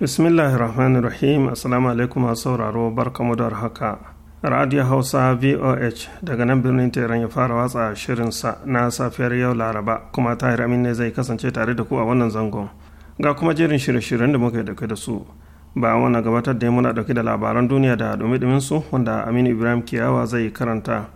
bismillahir rahmanir rahim assalamu alaikum masu sauraro barkamu da haka radio hausa voh daga nan birnin teran ya fara watsa shirinsa na safiyar yau laraba kuma tahir amin ne zai kasance tare da ku a wannan zangon ga kuma jerin shirye-shiryen da muka dauke da su ba wani gabatar da muna dauke da labaran duniya da dumi su wanda aminu ibrahim kiyawa zai karanta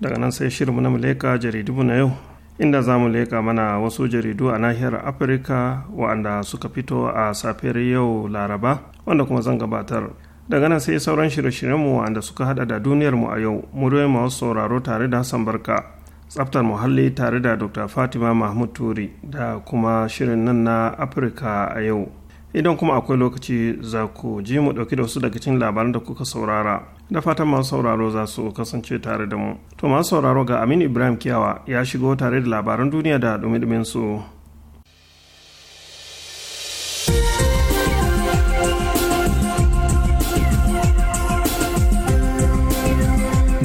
daga nan sai shirinmu na muleka jaridu na yau inda za mu leƙa mana wasu jaridu a nahiyar afirka waɗanda suka fito a safiyar yau laraba wanda kuma zan gabatar daga nan sai sauran shirye-shiryenmu waɗanda suka hada da mu a yau ma wasu sauraro tare da hassan barka tsaftar muhalli tare da dr fatima mahmud turi da kuma shirin nan na afirka a yau idan kuma akwai lokaci za ku ji mu ɗauki da wasu daga cikin labaran da kuka saurara da fatan masu sauraro za su kasance tare da mu to masu sauraro ga aminu ibrahim kiyawa ya shigo tare da labaran duniya da dumidumin su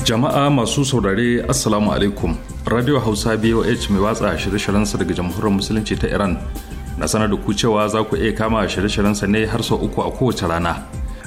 jama'a masu saurare assalamu alaikum radio hausa boh mai watsa shirye-shiryensa daga jamhuriyar musulunci ta iran na sanar da ku cewa za ku iya kama shirye-shiryensa ne har sau uku a kowace rana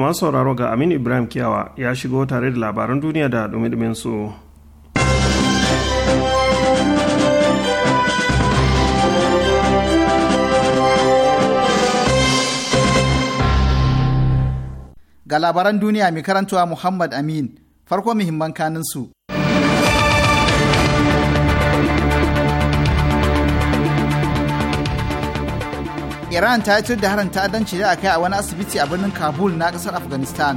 masu sauraro ga Aminu Ibrahim Kiyawa ya shigo tare da labaran duniya da dumi su. Ga labaran duniya mai karantawa Muhammad Amin farko muhimman kanin iran ta yi da harin ta'addanci da aka yi a wani asibiti a birnin kabul na kasar afghanistan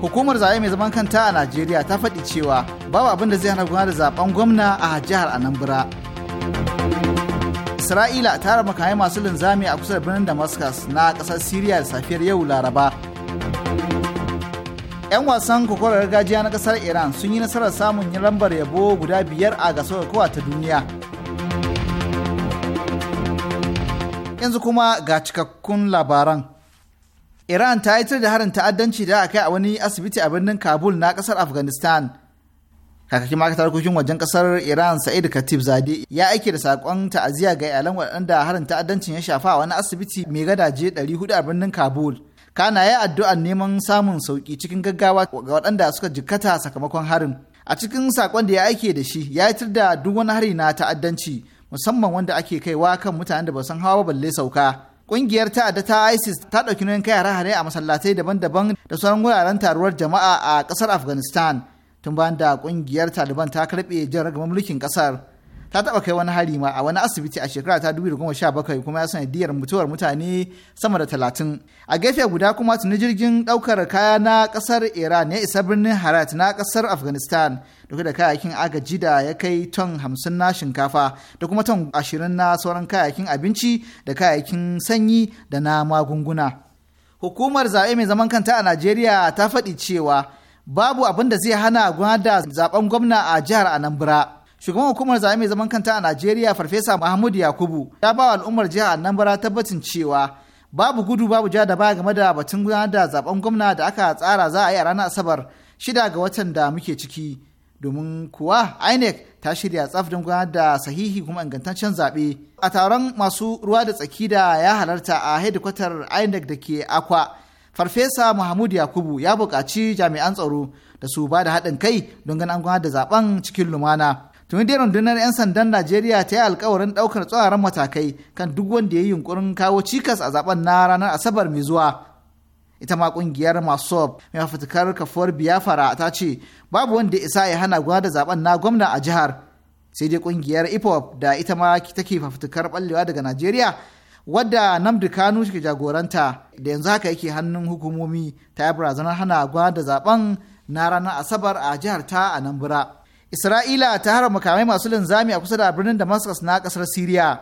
hukumar zaɓe mai zaman kanta a najeriya ta faɗi cewa babu abin da zai hana gudanar da zaben gwamna a jihar anambra isra'ila ta raba kayan masu linzami a kusa da birnin damascus na kasar syria da safiyar yau laraba 'yan wasan kokorar gargajiya na kasar iran sun yi nasarar samun lambar yabo guda biyar a gasar kowa ta duniya Yanzu kuma ga cikakkun labaran. Iran ta yi da harin ta'addanci da aka yi a wani asibiti a birnin Kabul na kasar Afghanistan. Kakakin ma'aikatar harkokin wajen kasar Iran Sa'id Khatib Zade ya aike da saƙon ta'aziyya ga iyalan waɗanda harin ta'addancin ya shafa a wani asibiti mai gadaje 400 a birnin Kabul. Kana ya addu'a neman samun sauki cikin gaggawa ga waɗanda suka jikkata sakamakon harin. A cikin saƙon da ya aike da shi ya yi da duk wani hari na ta'addanci. musamman wanda ake kai wa kan mutanen da ba san hawa balle sauka ƙungiyar ta'adda ta isis ta ɗauki nauyin kai hare-hare a masallatai daban-daban da sauran wuraren taruwar jama'a a ƙasar afghanistan tun bayan da ƙungiyar taliban ta karɓe jan ragamar mulkin ƙasar ta taɓa kai wani hari ma a wani asibiti a shekara ta 2017 kuma ya sanadiyar mutuwar mutane sama da talatin. a gefe guda kuma tuni jirgin ɗaukar kaya na ƙasar iran ya isa birnin harat na ƙasar afghanistan duk da kayayyakin agaji da ya kai ton hamsin na shinkafa da kuma ton ashirin na sauran kayayyakin abinci da kayayyakin sanyi da na magunguna hukumar zaɓe mai zaman kanta a najeriya ta faɗi cewa babu abin da zai hana gwada zaben gwamna a jihar anambra shugaban hukumar zaɓe mai zaman kanta a najeriya farfesa mahmud yakubu ya ba al'ummar jihar anambra tabbacin cewa babu gudu babu ja da ba game da batun gudanar da zaben gwamna da aka tsara za a yi a ranar asabar shida ga watan da muke ciki domin kuwa inec ta shirya tsaf don gudanar da sahihi kuma ingantaccen zaɓe a taron masu ruwa da tsaki da ya halarta a hedikwatar inec da ke akwa farfesa mahmud yakubu ya buƙaci jami'an tsaro da su ba da haɗin kai don ganin an gudanar da zaben cikin lumana tuni dai rundunar 'yan sandan najeriya ta yi alkawarin ɗaukar tsawaran matakai kan duk wanda ya yi yunkurin kawo cikas a zaben na ranar asabar mai zuwa ita ma kungiyar masu mai fafutukar kafuwar biyafara ta ce babu wanda isa ya hana gwada da zaben na gwamna a jihar sai dai kungiyar ipop da ita ma take fafutukar ballewa daga najeriya wadda namdi kanu ke jagoranta da yanzu haka yake hannun hukumomi ta yi barazanar hana gwada da zaben na ranar asabar a jihar ta anambra isra'ila ta hara makamai masu linzami a kusa da birnin damascus na kasar syria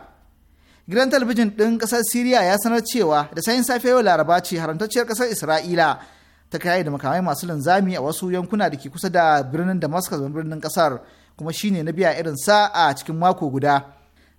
Gidan talabijin ɗin ƙasar Siriya ya sanar cewa da sayin safe yau Laraba ce haramtacciyar ƙasar Isra'ila ta kaya da makamai masu linzami a wasu yankuna da ke kusa da birnin Damascus birnin ƙasar kuma shine na biya irin sa a cikin mako guda.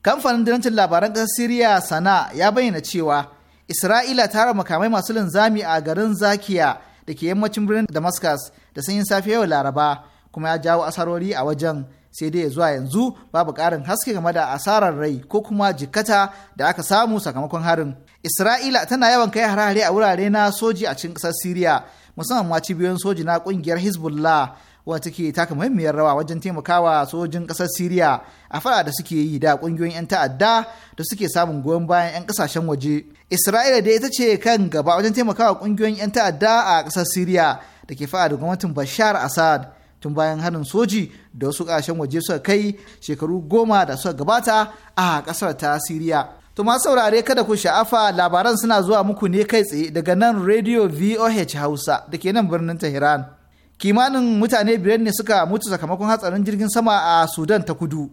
Kamfanin dinantin labaran ƙasar Siriya Sana ya bayyana cewa Isra'ila ta rama makamai masu linzami a garin Zakiya da ke yammacin birnin Damascus da sanyin safe yau Laraba kuma ya jawo asarori a wajen sai dai zuwa yanzu babu ƙarin haske game da asarar rai ko kuma jikkata da aka samu sakamakon harin. Isra'ila tana yawan kai harare hare a wurare na soji a cikin ƙasar Siriya musamman ma cibiyoyin soji na ƙungiyar Hezbollah wanda take taka muhimmiyar rawa wajen taimakawa sojin ƙasar Siriya a fara da suke yi da ƙungiyoyin 'yan ta'adda da suke samun goyon bayan 'yan ƙasashen waje. Isra'ila dai ita ce kan gaba wajen taimakawa ƙungiyoyin 'yan ta'adda a ƙasar Siriya da ke fara da gwamnatin Bashar Assad. tun bayan hannun soji da wasu ƙashen waje suka kai shekaru goma da suka gabata a ƙasar ta siriya to masu saurare kada ku sha'afa labaran suna zuwa muku ne kai tsaye daga nan radio voh hausa da ke nan birnin tehran kimanin mutane biyar ne suka mutu sakamakon hatsarin jirgin sama a sudan ta kudu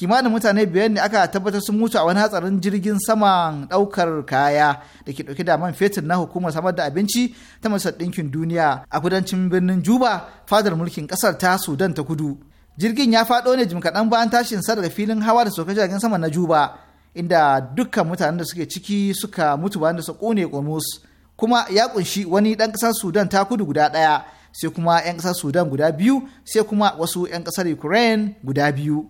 kimanin mutane biyar ne aka tabbatar sun mutu a wani hatsarin jirgin saman daukar kaya da ke dauke da man fetur na hukumar samar da abinci ta masar ɗinkin duniya a kudancin birnin juba fadar mulkin ƙasar ta sudan ta kudu jirgin ya faɗo ne jim kaɗan bayan tashin sa daga filin hawa da sauka jirgin sama na juba inda dukkan mutanen da suke ciki suka mutu bayan da su kone komus kuma ya kunshi wani ɗan ƙasar sudan ta kudu guda ɗaya sai kuma 'yan ƙasar sudan guda biyu sai kuma wasu 'yan ƙasar ukraine guda biyu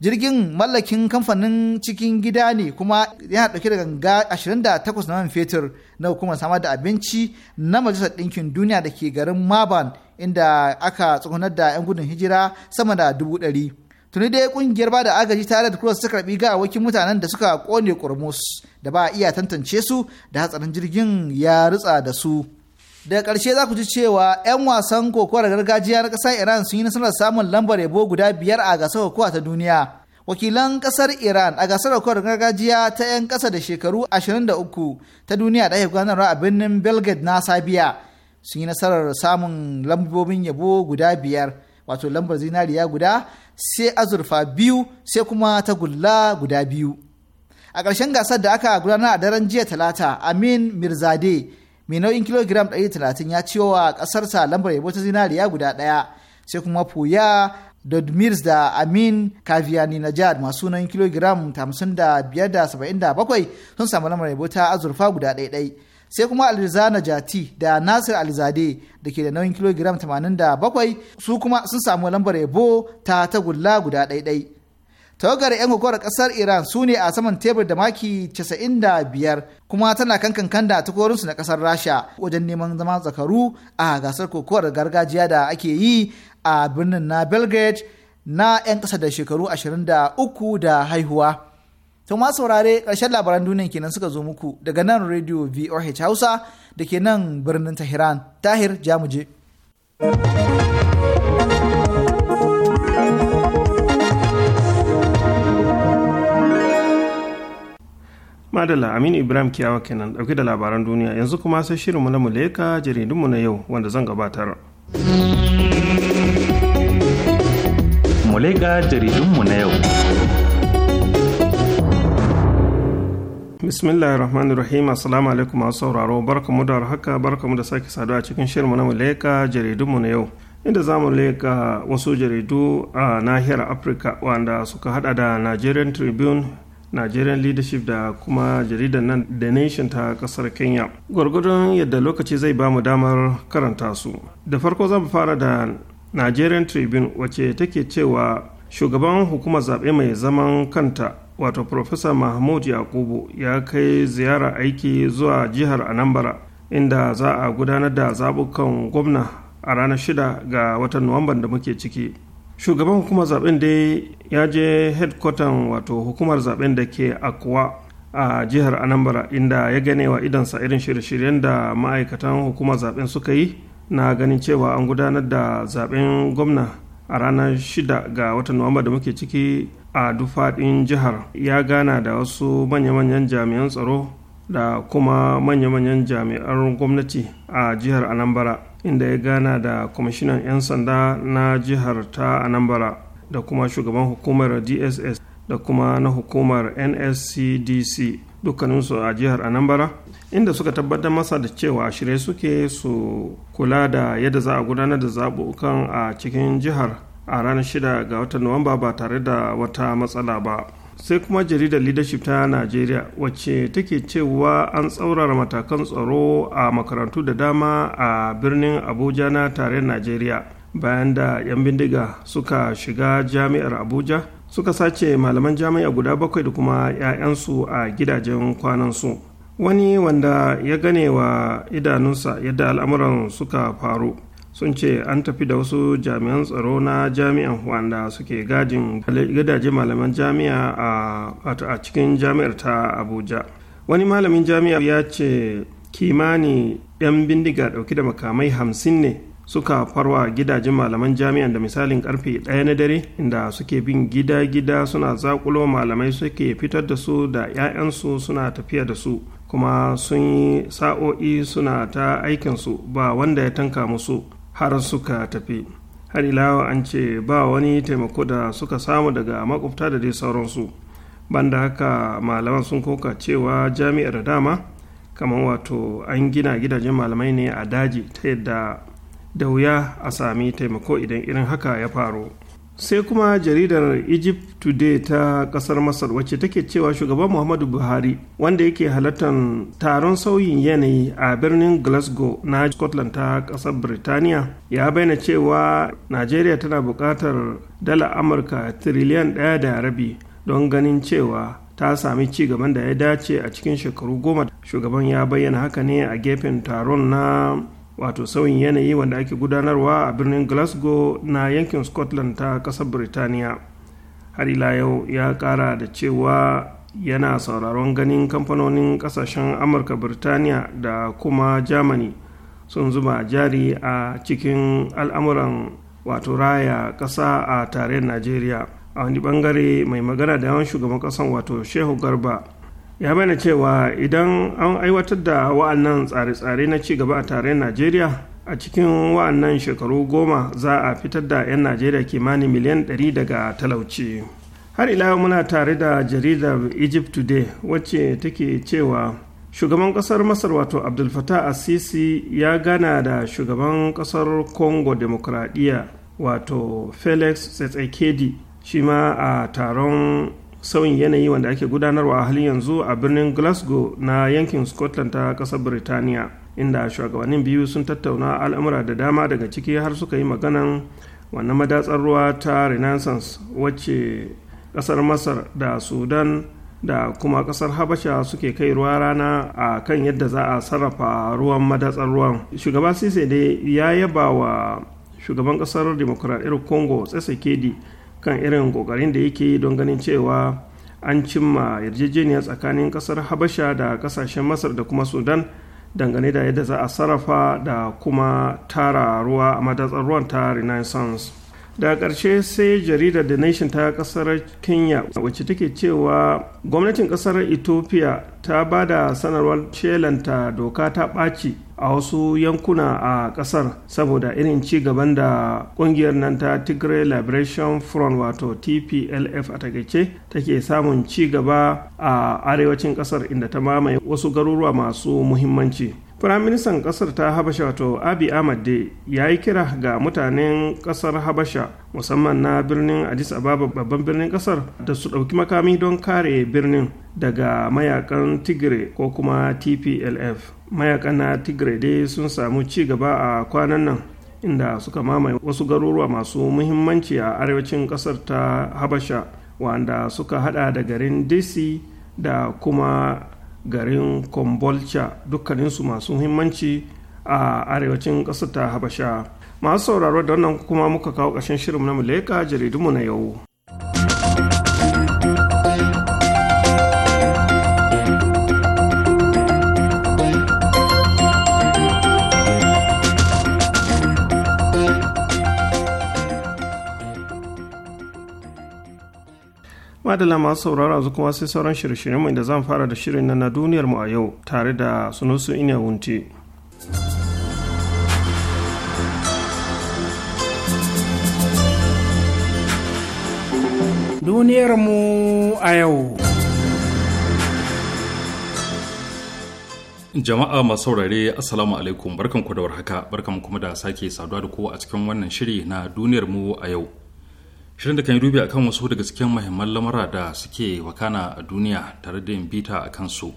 jirgin mallakin kamfanin cikin gida ne kuma yana dauke da ganga 28 na man fetur na hukumar samar da abinci na majalisar ɗinkin duniya da ke garin maban inda aka tsugunar da 'yan gudun hijira sama da dubu tuni dai kungiyar ba da agaji tare da cross ta karbi gawakin mutanen da suka kone kurmus da ba a iya tantance su da hatsarin jirgin ya ritsa da su daga ƙarshe za ku ji cewa 'yan wasan kokowar gargajiya na ƙasar iran sun yi nasarar samun lambar yabo guda biyar a gasar kokowa ta duniya wakilan ƙasar iran a gasar kokowar gargajiya ta 'yan ƙasa da shekaru 23 ta duniya da ake gudanarwa a birnin belgrade na sabiya sun yi nasarar samun lambobin yabo guda biyar wato lambar zinariya guda sai azurfa biyu sai kuma tagulla guda biyu a ƙarshen gasar da aka gudanar a daren jiya talata amin mirzade mai nau'in kilogiram 130 ya ciwo wa ƙasarsa lambar yabo ta zinariya guda ɗaya sai kuma puya dodmirs da amin kaviyani najad masu nau'in kilogiram 55.77 sun samu lambar yabo ta azurfa guda ɗaiɗai sai kuma alriza najati da nasir alzade da ke da nauyin kilogiram 87 su kuma sun samu lambar yabo ta tagulla guda ɗaiɗai tawagar 'yan hukumar ƙasar iran su ne a saman tebur da maki 95 kuma tana kankan da tukorinsu na kasar rasha wajen neman zama zakaru a gasar kokowar gargajiya da ake yi a birnin na belgrade na 'yan kasa da shekaru 23 da haihuwa to ma saurare ƙarshen labaran duniya kenan suka zo muku daga nan radio voh hausa da ke nan birnin tahiran tahir jamuje. thank Madala Aminu Ibrahim Kiyawa kenan dauke da labaran duniya yanzu kuma sai shirinmu na Muleka jaridunmu na yau wanda zan gabatar. Muleka jaridunmu na yau. Bismillahir Rahmanir Rahim Assalamu alaikum masu sauraro barkamu da haka barkamu da sake saduwa a cikin shirinmu na Muleka jaridunmu na yau. inda za mu leka wasu jaridu a nahiyar afirka wanda suka hada da nigerian tribune nigerian leadership da kuma jaridar nan the nation ta kasar kenya gwargwadon yadda lokaci zai ba mu damar karanta su da farko zan fara da nigerian tribune wacce take cewa shugaban hukumar zaɓe mai zaman kanta wato profesa mahmud yakubu ya kai ziyara aiki zuwa jihar anambra inda za a gudanar da zaɓukan gwamna a ranar shida ga watan nuwamban da muke ciki shugaban hukumar zaben da ya je headquarter wato hukumar zaben da ke akwa a jihar anambra inda ya gane wa idansa irin shirye-shiryen da ma'aikatan hukumar zaben suka yi na ganin cewa an gudanar da zaben gwamna a ranar 6 ga watan nuwamba da muke ciki a dufaɗin jihar ya gana da wasu manya-manyan jami'an tsaro da kuma manya-manyan jami'an gwamnati a jihar anambra inda ya gana da kwamishinan 'yan sanda na jihar ta anambra da kuma shugaban hukumar dss da kuma na hukumar nscdc dukkaninsu a jihar anambra inda suka tabbatar masa da cewa shirye suke su kula da yadda za a gudanar da zaɓuɓɓukan a cikin jihar a ranar 6 ga watan nuwamba ba tare da wata matsala ba sai kuma jaridar leadership ta najeriya wacce take cewa an tsaurara matakan tsaro a makarantu da dama a birnin abuja na tarayyar najeriya bayan da 'yan bindiga suka shiga jami'ar abuja suka sace malaman jami'a guda bakwai da kuma 'ya'yansu a gidajen kwanansu wani wanda ya gane wa idanunsa yadda al'amuran suka faru sun ce an tafi da wasu jami'an tsaro na jami'an wanda suke gadin gadaje malaman jami'a a cikin jami'ar ta abuja wani malamin jami'a ya ce kimani 'yan bindiga dauki da makamai hamsin ne suka farwa gidajen malaman jami'an da misalin karfe ɗaya na dare inda suke bin gida-gida suna zakulo malamai suke fitar da su da 'ya'yansu suna tafiya da su kuma sun yi sa'o'i suna ta aikinsu ba wanda ya tanka musu har suka tafi har ilawa an ce ba wani taimako da suka samu daga makwabta da dai sauransu banda haka malaman sun koka cewa jami'ar da dama kamar wato an gina gidajen malamai ne a daji ta yadda da wuya a sami taimako idan irin haka ya faru sai kuma jaridar egypt today ta kasar masar wacce take cewa shugaban muhammadu buhari wanda yake halartar taron sauyin yanayi a birnin glasgow na scotland ta kasar birtaniya ya bayyana cewa najeriya tana bukatar dala amurka tiriliyan ɗaya da rabi don ganin cewa ta sami ci gaban da ya dace a cikin shekaru goma shugaban ya bayyana haka ne a gefen taron na wato sauyin yanayi wanda ake gudanarwa a birnin glasgow na yankin scotland ta kasar birtaniya har ila yau ya kara da cewa yana sauraron ganin kamfanonin kasashen amurka birtaniya da kuma germany sun zuba jari a cikin al'amuran wato raya kasa a tarayyar nigeria a wani bangare mai magana da yawan shugaban kasan wato shehu garba ya mana cewa idan an aiwatar da wa'annan tsare-tsare na ci gaba a tarayyar najeriya a cikin wa'annan shekaru goma za a fitar da 'yan najeriya kimanin miliyan 100 daga talauci har ila muna tare da jaridar egypt today wacce take cewa shugaban kasar masar wato abdul Fattah assisi ya gana da shugaban kasar congo demokradiyya wato felix tsetsekedi shi ma a taron sauyin yanayi wanda ake gudanarwa a halin yanzu a birnin glasgow na yankin scotland ta kasar birtaniya inda shugabannin biyu sun tattauna al'amura da dama daga ciki har suka yi maganan wannan madatsar ruwa ta renaissance wacce kasar masar da sudan da kuma kasar habasha suke kai ruwa rana a kan yadda za a sarrafa ruwan madatsar ruwan shugaba sise dai ya yaba wa shugaban ƙasar demokuraɗiyar congo tsasekedi kan irin kokarin da yake yi don ganin cewa an cimma yarjejeniya tsakanin kasar habasha da kasashen masar da kuma sudan dangane da yadda za a sarrafa da kuma tara ruwa a madatsar ruwan ta renaissance da ƙarshe sai jaridar the nation ta ƙasar kenya wacce take cewa gwamnatin ƙasar ethiopia ta ba da sanarwar shelanta doka ta ɓaci a wasu yankuna a ƙasar saboda irin ci gaban da ƙungiyar nan ta tigray liberation front wato tplf a takaice take samun ci gaba a arewacin ƙasar inda ta mamaye wasu garuruwa masu muhimmanci Firaministan ƙasar ta Habasha wato Abi Ahmad ya yi kira ga mutanen ƙasar Habasha musamman na birnin Addis Ababa babban birnin ƙasar da su ɗauki makami don kare birnin daga mayakan Tigre ko kuma TPLF. Mayakan na Tigre dai sun samu ci gaba a kwanan nan inda suka mamaye wasu garuruwa masu muhimmanci a arewacin ƙasar ta Habasha wanda suka hada da garin Dc da kuma garin kombolcha dukkaninsu masu muhimmanci a arewacin ƙasar ta habasha masu sauraro da wannan kuma muka kawo ƙarshen shirin na muleka jaridunmu na yau madala masu sauraro su kuma sai sauran shirye-shiryenmu inda zan fara da shirin na duniyar mu a yau tare da su ina wunti duniyar mu a yau jama'a masu saurare assalamu alaikum barkanku da warhaka barkan kuma da sake saduwa da ku a cikin wannan shiri na duniyar mu a yau shirin da kan yi dubi kan wasu daga cikin mahimman lamura da suke wakana a duniya tare da yin bita a kansu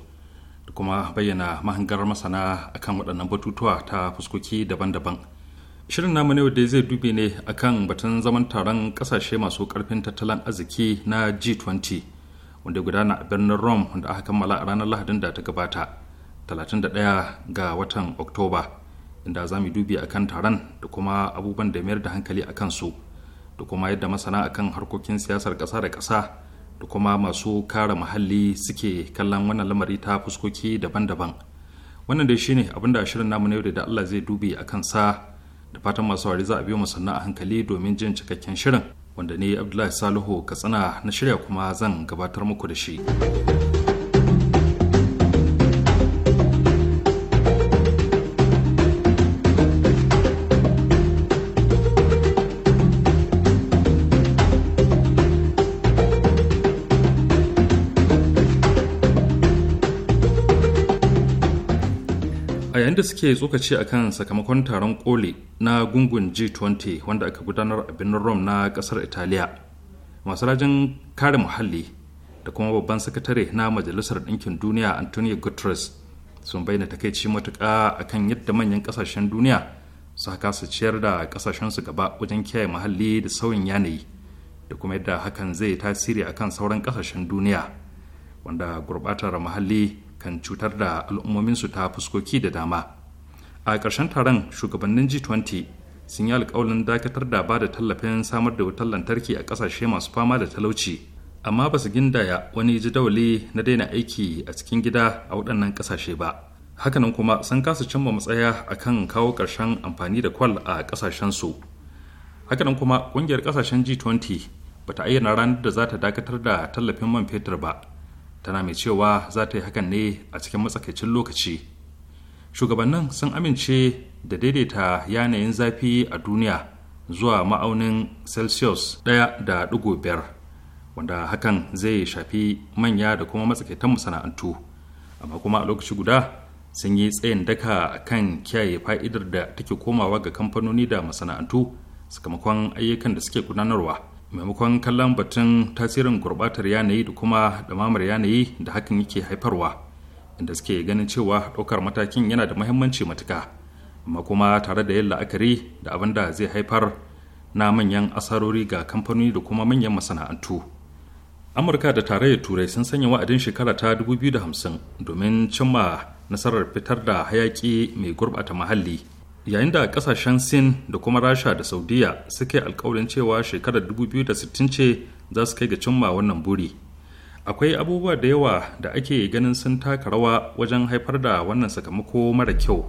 da kuma bayyana mahangar masana a kan waɗannan batutuwa ta fuskoki daban-daban shirin namu ne da zai dube ne a kan batun zaman taron ƙasashe masu ƙarfin tattalin arziki na G20 wanda gudana a birnin Rome wanda aka kammala a ranar Lahadin da ta gabata 31 ga watan Oktoba inda za mu dubi a kan taron da kuma abubuwan da mayar da hankali akan su da kuma yadda masana akan harkokin siyasar ƙasa da ƙasa da kuma masu kare muhalli suke kallon wannan lamari ta fuskoki daban-daban wannan dai shine abin da shirin namu na yau da Allah zai dubi a kan sa da fatan masu wari za a biyo masana a hankali domin jin cikakken shirin wanda ne Abdullahi Salihu Katsina na shirya kuma zan gabatar muku da shi. yayin da suke tsokaci kan sakamakon taron koli na gungun g20 wanda aka gudanar a birnin rome na kasar italiya masu rajin kare muhalli da kuma babban sakatare na majalisar ɗinkin duniya antonio guterres sun bayyana takaici matuƙa akan yadda manyan ƙasashen duniya su kasa ciyar da ƙasashensu gaba wajen kiyaye muhalli da sauyin yanayi da kuma yadda hakan zai tasiri akan sauran kasashen duniya wanda gurɓatar muhalli kan cutar da al'ummominsu ta fuskoki da dama a ƙarshen taron shugabannin g20 sun yi alkawalin dakatar da ba da tallafin samar da wutar lantarki a ƙasashe masu fama da talauci amma ba su gindaya wani jadawali na daina aiki a cikin gida a waɗannan ƙasashe ba hakanan kuma sun kasa cimma matsaya a kan kawo ƙarshen amfani da kwal a ƙasashen ƙasashensu hakanan kuma ƙungiyar ƙasashen g20 bata ayyana ranar da za ta dakatar da tallafin man fetur ba tana mai cewa za ta yi hakan ne a cikin matsakaicin lokaci shugabannin sun amince da daidaita yanayin zafi a duniya zuwa ma'aunin celsius biyar, wanda hakan zai shafi manya da kuma matsakaitan masana'antu amma kuma a lokaci guda sun yi tsayin daka kan kiyaye fa'idar da take komawa ga kamfanoni da masana'antu sakamakon ayyukan da suke gudanarwa. maimakon kallon batun tasirin gurbatar yanayi da kuma damamar yanayi da hakan yake haifarwa inda suke ganin cewa ɗaukar matakin yana da mahimmanci matuka amma kuma tare da yin la'akari da abin da zai haifar na manyan asarori ga kamfanoni da kuma manyan masana'antu amurka da tarayyar turai sun sanya wa'adin shekara ta 2050 domin cimma nasarar fitar da hayaƙi mai gurbata muhalli yayin da kasashen sin da kuma rasha da saudiya suke alkawarin cewa shekarar 2060 ce za su kai ga cimma wannan buri akwai abubuwa da yawa da ake ganin sun taka rawa wajen haifar da wannan sakamako mara kyau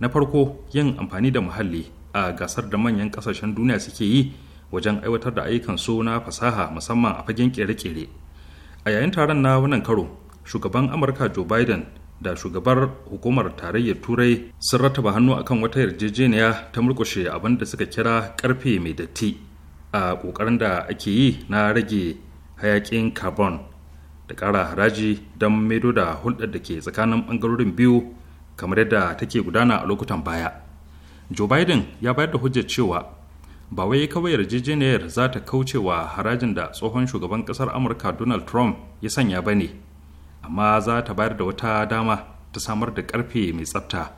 na farko yin amfani da muhalli a gasar da manyan kasashen duniya suke yi wajen aiwatar da ayyukan su na fasaha musamman a fagen kere-kere a yayin taron na wannan karo shugaban amurka joe biden da shugabar hukumar tarayyar turai sun rataba hannu akan wata yarjejeniya ta murkushe abin da suka kira karfe mai datti a kokarin da ake yi na rage hayakin carbon da kara haraji don maido da hulɗar da ke tsakanin ɓangarorin biyu kamar yadda take gudana a lokutan baya joe biden ya bayar da hujjar cewa ba wai kawai yarjejeniyar za ta kaucewa harajin da tsohon shugaban ƙasar amurka donald trump ya sanya ba ne amma za ta bayar da wata dama ta samar da ƙarfe mai tsafta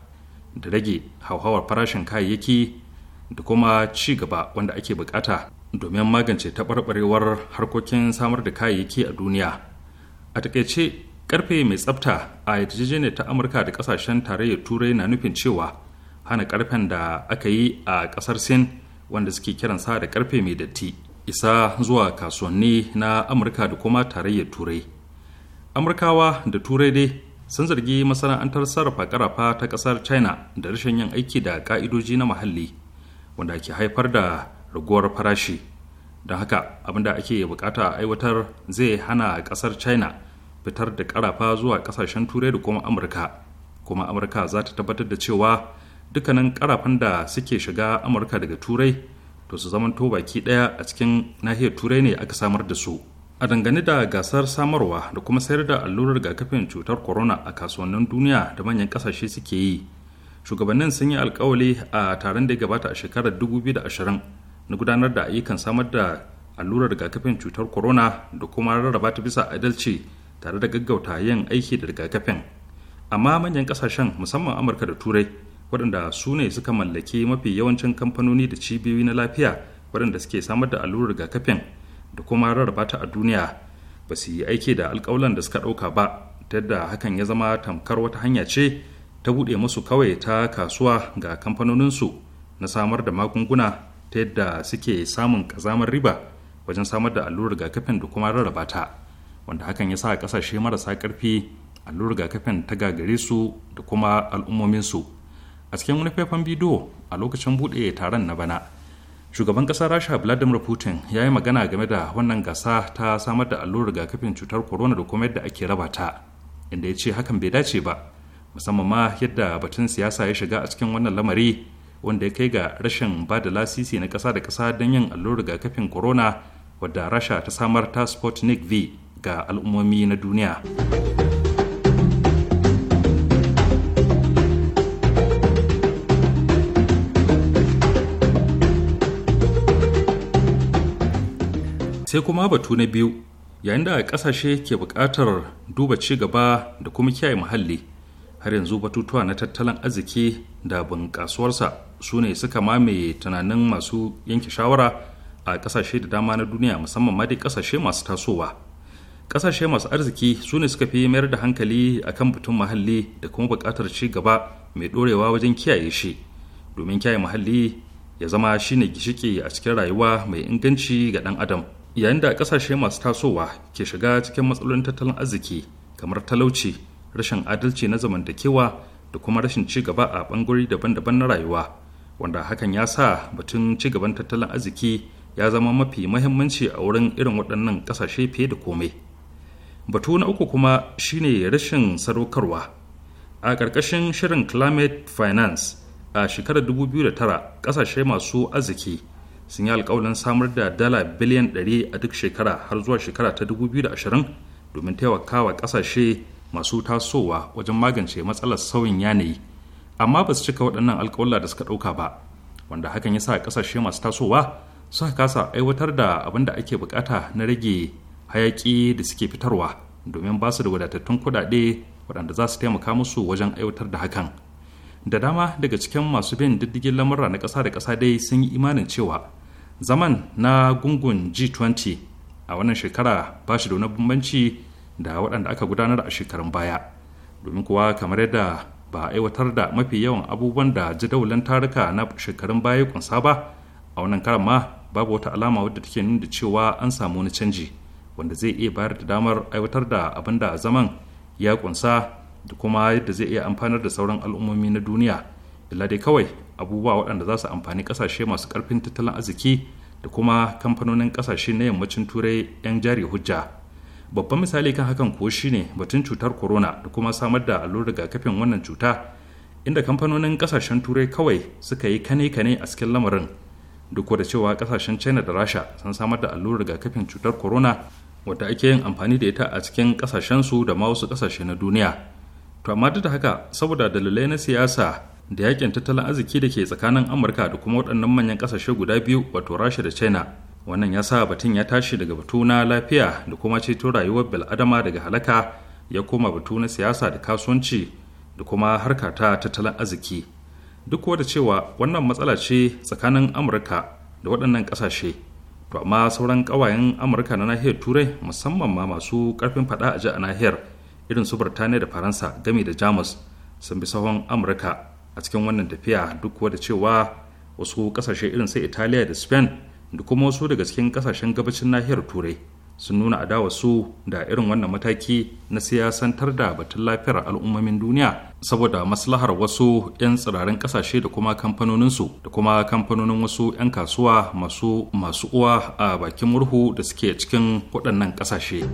da rage hauhawar farashin kayayyaki da kuma ci gaba wanda ake bukata domin magance taɓarɓarewar harkokin samar da kayayyaki a duniya a takaice ƙarfe mai tsafta a yarjejeniyar ta amurka da ƙasashen tarayyar turai na nufin cewa hana ƙarfen da aka yi a ƙasar sin wanda suke kiran sa da ƙarfe mai datti isa zuwa kasuwanni na amurka da kuma tarayyar turai amurkawa da turai dai sun zargi masana'antar sarrafa karafa ta kasar china da rashin yin aiki da ka'idoji na muhalli wanda ke haifar da raguwar farashi don haka abinda ake bukata aiwatar zai hana kasar china fitar da karafa zuwa kasashen turai da kuma amurka kuma amurka za ta tabbatar da cewa dukkanin karafan da suke shiga amurka daga turai to su zamanto baki daya a cikin nahiyar turai ne aka samar da su a dangane da gasar samarwa da kuma sayar da allurar rigakafin cutar corona a kasuwannin duniya da manyan kasashe suke yi shugabannin sun yi alkawali a taron da ya gabata a shekarar 2020 na gudanar da ayyukan samar da allurar rigakafin cutar corona da kuma rarraba ta bisa adalci tare da gaggauta yin aiki da rigakafin amma manyan kasashen musamman amurka da turai waɗanda su ne suka mallake mafi yawancin kamfanoni da cibiyoyi na lafiya waɗanda suke samar da allurar rigakafin da kuma rarrabata a duniya ba su yi aiki da alkawalan da suka ɗauka ba ta yadda hakan ya zama tamkar wata hanya ce ta buɗe musu kawai ta kasuwa ga kamfanoninsu na samar da magunguna ta yadda suke samun kazamar riba wajen samar da allurar rigakafin da kuma rarrabata wanda hakan ya sa ƙasashe marasa ƙarfi allurar rigakafin ta gagare su da kuma al'ummominsu a cikin wani faifan bidiyo a lokacin buɗe taron na bana shugaban ƙasar rasha vladimir putin ya yi magana game da wannan gasa ta samar da allurar rigakafin cutar corona da kuma yadda ake raba ta inda ya ce hakan bai dace ba musamman ma yadda batun siyasa ya shiga a cikin wannan lamari wanda ya kai ga rashin ba da lasisi na kasa da kasa don yin allurar rigakafin corona wadda rasha ta samar ta sputnik v ga al'ummomi na duniya. sai kuma batu na biyu yayin da kasashe ke buƙatar duba ci gaba da kuma kiyaye muhalli har yanzu batutuwa na tattalin arziki da bunƙasuwarsa su ne suka mamaye tunanin masu yanke shawara a ƙasashe da dama na duniya musamman ma dai ƙasashe masu tasowa ƙasashe masu arziki su ne suka fi mayar da hankali akan batun muhalli da kuma buƙatar ci gaba mai ɗorewa wajen kiyaye shi domin kiyaye muhalli ya zama shine gishiki a cikin rayuwa mai inganci ga ɗan adam yayin da kasashe masu tasowa ke shiga cikin matsalolin tattalin arziki kamar talauci rashin adalci na zamantakewa da kuma rashin ci gaba a ɓangare daban-daban na rayuwa wanda hakan ya sa batun ci gaban tattalin arziki ya zama mafi mahimmanci a wurin irin waɗannan ƙasashe fiye da komai batu na uku kuma shine rashin sadaukarwa a ƙarƙashin shirin climate finance a shekarar 2009 ƙasashe masu arziki sun yi alkawalin samar da dala biliyan 100 a duk shekara har zuwa shekara ta 2020 domin taimakawa kasashe masu tasowa wajen magance matsalar sauyin yanayi amma ba su cika waɗannan alkawalla da suka ɗauka ba wanda hakan ya sa kasashe masu tasowa suka kasa aiwatar da abin da ake bukata na rage hayaƙi da suke fitarwa domin ba su da wadatattun kuɗaɗe waɗanda za su taimaka musu wajen aiwatar da hakan. da dama daga cikin masu bin diddigin lamurra na ƙasa da ƙasa dai sun yi imanin cewa zaman na gungun g20 a wannan shekara ba shi da wani bambanci da waɗanda aka gudanar a shekarun baya domin kuwa kamar yadda ba a aiwatar da mafi yawan abubuwan da jadawalin taruka na shekarun baya kunsa ba a wannan karan ma babu wata alama wadda take nuna cewa an samu wani canji wanda zai iya bayar da damar aiwatar da abin da zaman ya kunsa da kuma yadda zai iya amfanar da sauran al'ummomi na duniya illa dai kawai abubuwa waɗanda za su amfani ƙasashe masu ƙarfin tattalin arziki da kuma kamfanonin ƙasashe na yammacin turai 'yan jari hujja babban misali kan hakan kuwa ne batun cutar corona da kuma samar da allurar rigakafin wannan cuta inda kamfanonin ƙasashen turai kawai suka yi kane-kane a cikin lamarin duk da cewa ƙasashen china da rasha sun samar da allurar rigakafin cutar corona wadda ake yin amfani da ita a cikin ƙasashensu da ma wasu ƙasashe na duniya to amma duk da haka saboda dalilai na siyasa da yakin tattalin arziki da ke tsakanin amurka da kuma waɗannan manyan ƙasashe guda biyu wato rasha da china wannan ya sa batun ya tashi daga batu na lafiya da kuma ceto rayuwar bil'adama daga halaka ya koma batu na siyasa da kasuwanci da kuma harka ta tattalin arziki duk da cewa wannan matsala ce tsakanin amurka da waɗannan ƙasashe to amma sauran ƙawayen amurka na nahiyar turai musamman ma masu ƙarfin faɗa a ji a nahiyar irin su birtaniya da faransa game da jamus sun bi sahon amurka a cikin wannan tafiya duk da cewa wasu kasashe irin sai italiya da spain da kuma wasu daga cikin kasashen gabacin nahiyar turai sun nuna adawa su da irin wannan mataki na siyasantar da batun lafiyar al'ummomin duniya saboda maslahar wasu 'yan tsirarin kasashe da kuma kamfanoninsu da kuma kamfanonin wasu 'yan kasuwa masu masu uwa a bakin murhu da suke cikin waɗannan kasashe.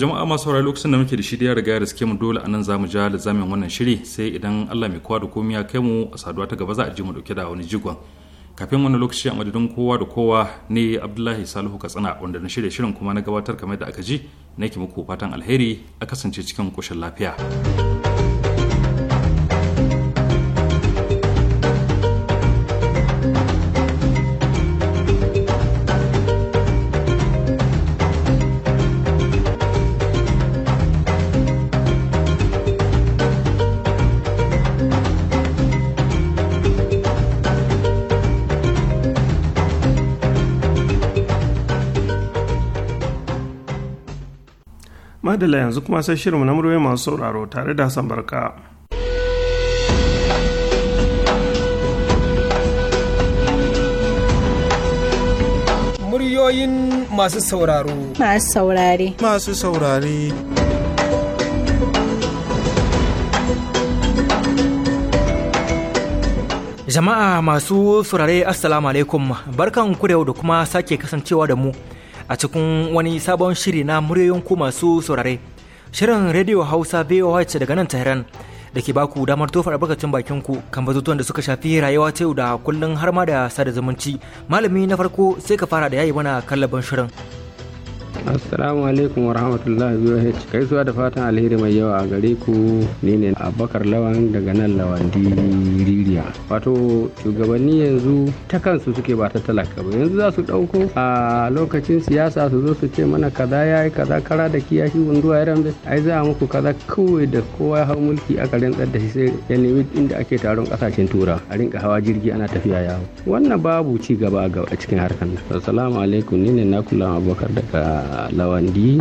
to jama'a masu saurari lokacin da muke da shi da ya riga da suke mu dole anan za mu ja lizamin wannan shiri sai idan Allah mai kowa da komai ya kai mu a saduwa ta gaba za a ji mu dauke da wani jigon kafin wannan lokaci a madadin kowa da kowa ne Abdullahi Salihu Katsina wanda na shirya shirin kuma na gabatar kamar da aka ji nake muku fatan alheri a kasance cikin koshin lafiya. madala yanzu kuma sai shirinmu na murwai masu sauraro tare da Hassan Barka. Muryoyin masu sauraro. Masu saurare. Masu saurare. Jama'a masu saurare Assalamu alaikum barkan ku da kuma sake kasancewa da mu. a cikin wani sabon shiri na muryoyin ku masu saurare. Shirin Radio Hausa VOH daga nan Tehran da ke baku damar tofar albarkacin bakin ku kan batutuwan da suka shafi rayuwa ta yau da kullun har ma da sada zumunci. Malami na farko sai ka fara da yayi mana kallaban shirin. assalamu alaikum wa rahmatullahi Kai gaisuwa da fatan alheri mai yawa a gare ku ne ne abakar lawan daga nan lawan, diriya. wato shugabanni yanzu ta kansu suke ba ta talaka ba yanzu za su ɗauko a lokacin siyasa su zo su ce mana kaza ya yi kaza kara da kiyashi wunduwa ya rambe ai za a muku kaza kawai da kowa hau mulki aka rantsar da shi sai ya nemi inda ake taron kasashen tura a rinka hawa jirgi ana tafiya yawo wannan babu ci gaba a cikin harkar assalamu alaikum ni ne na kula abubakar daga lawan di.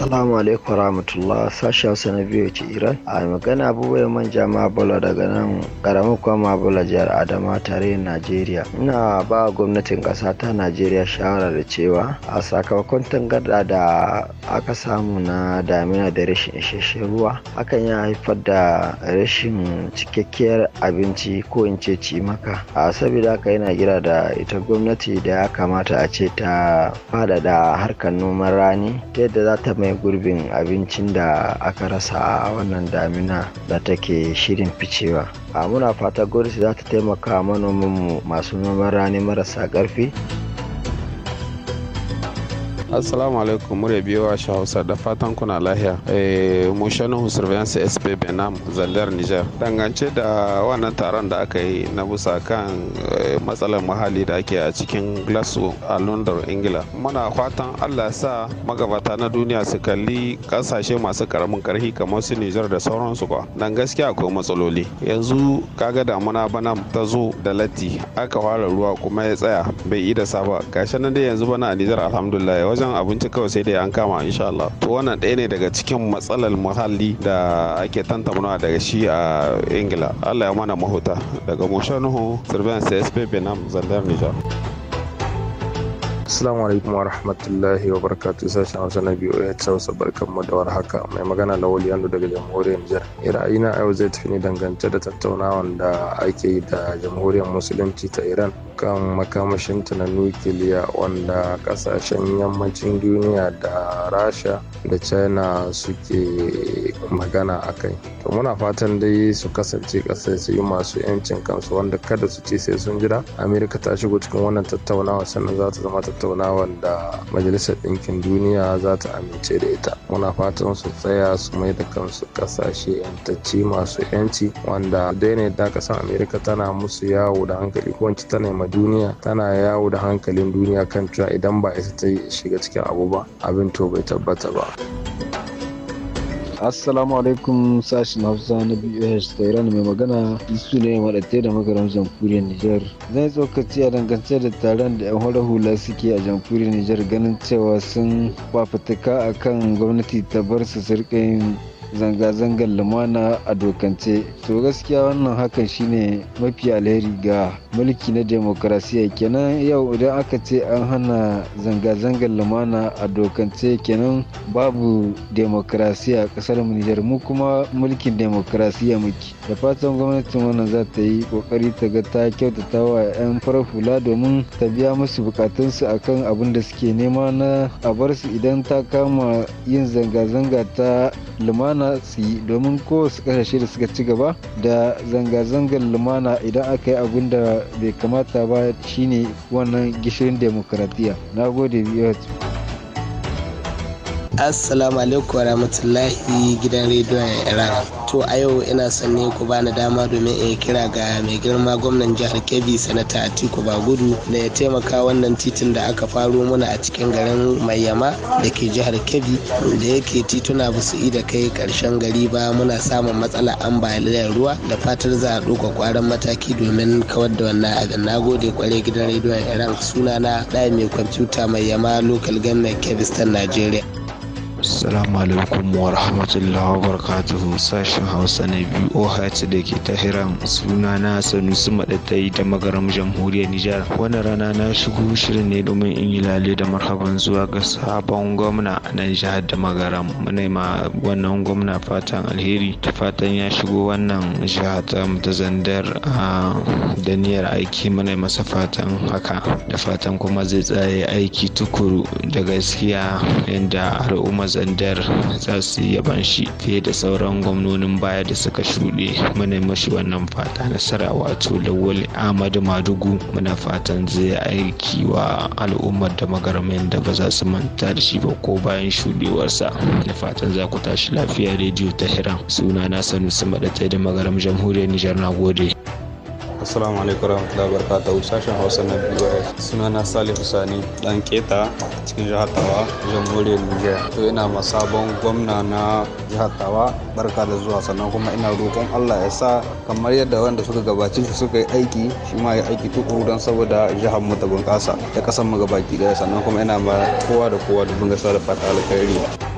Assalamu alaikum rahmatullah sashi Hausa na biyu ce Iran. A magana abubuwa manja Bala daga nan karamin kuma Mabola jihar Adama tare Najeriya. Ina ba gwamnatin ƙasa ta Najeriya shawara da cewa a sakamakon tangarda da aka samu na damina da rashin isasshen ruwa hakan ya haifar da rashin cikakkiyar abinci ko in ce cimaka. A saboda haka yana gira da ita gwamnati da ya kamata a ce ta faɗaɗa harkar noman rani ta yadda za ta mai mai gurbin abincin da aka rasa a wannan damina da take shirin ficewa a muna fata gwamnati za ta taimaka manomanmu masu noman rani marasa ƙarfi assalamu alaikum mure biyo a hausa da fatan kuna lahiya eh, mu surveillance sp benam zaldar niger dangance da wannan taron da aka yi na busa kan eh, matsalar muhalli da ake a cikin glasgow a london ingila muna fatan allah sa magabata na duniya su kalli kasashe masu karamin karfi kamar su niger da sauransu kwa dan gaskiya akwai matsaloli yanzu kaga damuna bana ta zo da latti aka fara ruwa kuma ya tsaya bai yi da saba gashi nan dai yanzu bana a niger alhamdulillah wajen abinci kawai sai dai an kama insha Allah to wannan ɗaya ne daga cikin matsalar muhalli da ake tantamnawa daga shi a Ingila Allah ya mana mahuta daga Moshanuhu Sirven CSP Benam Zandar Nijar. Assalamu alaikum wa rahmatullahi wa barakatu sashen Hausa na biyu ya Hausa barkan mu da warhaka mai magana Lawal Yando daga jamhuriyar Nijar. Ra'ayina yau zai tafi ne dangance da tattaunawan da ake yi da jamhuriyar musulunci ta Iran kan makamashinta na nukiliya wanda kasashen yammacin duniya da Rasha da China suke magana a kai. To muna fatan dai su kasance kasashe masu 'yancin kansu wanda kada su ce sai sun jira. Amerika ta shigo cikin wannan tattaunawa sannan za ta zama ta tattaunawar da majalisar ɗinkin duniya za ta amince da ita muna fatan su tsaya su mai da kansu ƙasashe yantacci masu yanci wanda dai ne da kasan amerika tana musu yawo da hankali ko ta tana ma duniya tana yawo da hankalin duniya kan cewa idan ba ita ta shiga cikin abu ba abin to bai tabbata ba. assalamu alaikum sashen hausa na bih Iran mai magana isu ne maɗate da magaram jamhuriyar nijar zan tsokaci a dangance da taron da yan hula hula suke a jamhuriyar nijar ganin cewa sun a kan gwamnati ta bar su sirƙin zanga-zangar lumana a dokance to gaskiya wannan hakan shine mafi alheri ga mulki na demokrasiya kenan yau idan aka ce an hana zanga-zangar lumana a dokance kenan babu demokrasiya a kasar nijar mu kuma mulkin demokrasiya muke da fatan gwamnatin wannan za ta yi kokari ta ga ta kyautata wa 'yan farar hula domin ta biya musu bukatunsu akan abin da suke nema na a bar su idan ta kama yin zanga-zanga ta lumana lumana su yi domin su kasashe da suka ci gaba da zanga-zangar lumana idan aka yi abin da bai kamata ba shine wannan gishirin demokaratiya na gode biyu assalamu alaikum wa rahmatullahi gidan rediyon iran to a yau ina son ne ku bani dama domin in kira ga mai girma gwamnan jihar kebbi sanata atiku bagudu da ya taimaka wannan titin da aka faro mana a cikin garin mayama da ke jihar kebbi da yake tituna ba su da kai karshen gari ba muna samun matsala ambaliyar ruwa da fatar za a ɗauka kwaran mataki domin kawar da wannan abin na gode kwarai gidan rediyon iran sunana ɗaya mai kwamfuta mai yama lokal Kebbi kebistan najeriya Assalamu alaikum wa rahmatullahi wa barakatuhu sashen Hausa na biyu OHAT da ke Tahiran suna na Sanusi Maɗatai da magaram jamhuriyar Nijar. Wani rana na shigo shirin ne domin in yi lale da marhaban zuwa ga sabon gwamna na jihar da magaram. Muna ma wannan gwamna fatan alheri ta fatan ya shigo wannan jihar ta a daniyar aiki muna masa fatan haka da fatan kuma zai tsaya aiki tukuru da gaskiya yadda al'umma Sandar za su yi yaban shi fiye da sauran gwamnonin baya da suka shuɗe muna mashi wannan fata nasara wato Lawal Ahmadu Madugu muna fatan zai aiki wa al'ummar da magarmin da ba za su manta da shi ba ko bayan shuɗewarsa da fatan za ku tashi lafiya rediyo ta hiran suna na su maɗatai da magaram jamhuriyar Nijar na gode. assalamu alaikum warahmatullahi wabarakatuh sashen hausa na bos sunana salih sani dan keta cikin jihar tawa jamhuriyar niger to ina ma sabon gwamna na jihar tawa barka da zuwa sannan kuma ina roƙon allah ya sa kamar yadda wanda suka gabace shi suka yi aiki shi ma ya aiki tukuru don saboda jihar mu ta bunƙasa ta kasan mu gabaki daya sannan kuma ina ma kowa da kowa da sa da fata alkhairi